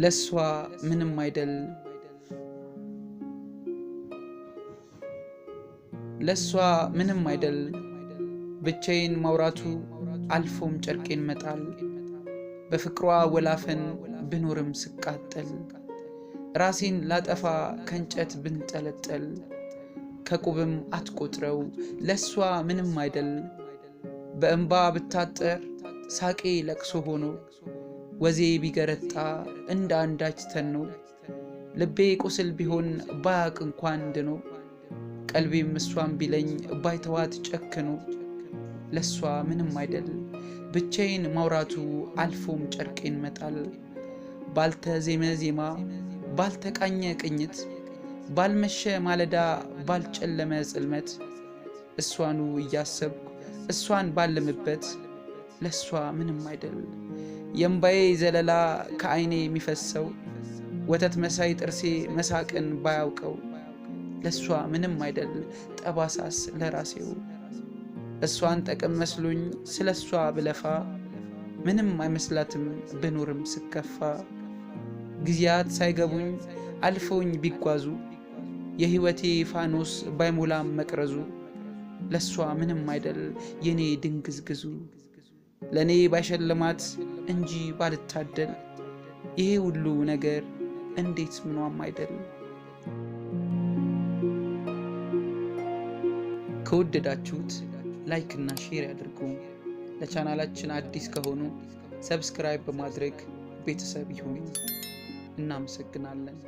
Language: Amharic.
ለእሷ ምንም አይደል። ለእሷ ምንም አይደል። ብቻዬን ማውራቱ አልፎም ጨርቄን መጣል በፍቅሯ ወላፈን ብኖርም ስቃጠል ራሴን ላጠፋ ከእንጨት ብንጠለጠል ከቁብም አትቆጥረው ለእሷ ምንም አይደል። በእንባ ብታጠር ሳቄ ለቅሶ ሆኖ ወዜ ቢገረጣ እንደ አንዳች ተኖ ልቤ ቁስል ቢሆን ባያቅ እንኳን ድኖ ቀልቤም እሷን ቢለኝ ባይተዋት ጨክኖ ለእሷ ምንም አይደል ብቻዬን ማውራቱ አልፎም ጨርቄን መጣል ባልተዜመ ዜማ ባልተቃኘ ቅኝት ባልመሸ ማለዳ ባልጨለመ ጽልመት እሷኑ እያሰብኩ እሷን ባለምበት ለእሷ ምንም አይደል የእምባዬ ዘለላ ከአይኔ የሚፈሰው ወተት መሳይ ጥርሴ መሳቅን ባያውቀው ለእሷ ምንም አይደል ጠባሳስ ለራሴው እሷን ጠቅም መስሉኝ ስለ እሷ ብለፋ ምንም አይመስላትም ብኖርም ስከፋ ጊዜያት ሳይገቡኝ አልፈውኝ ቢጓዙ የሕይወቴ ፋኖስ ባይሞላም መቅረዙ ለእሷ ምንም አይደል የኔ ድንግዝግዙ ለእኔ ባይሸልማት እንጂ ባልታደል ይሄ ሁሉ ነገር እንዴት ምኗም አይደለም። ከወደዳችሁት ላይክ እና ሼር ያድርጉ። ለቻናላችን አዲስ ከሆኑ ሰብስክራይብ በማድረግ ቤተሰብ ይሁኑ። እናመሰግናለን።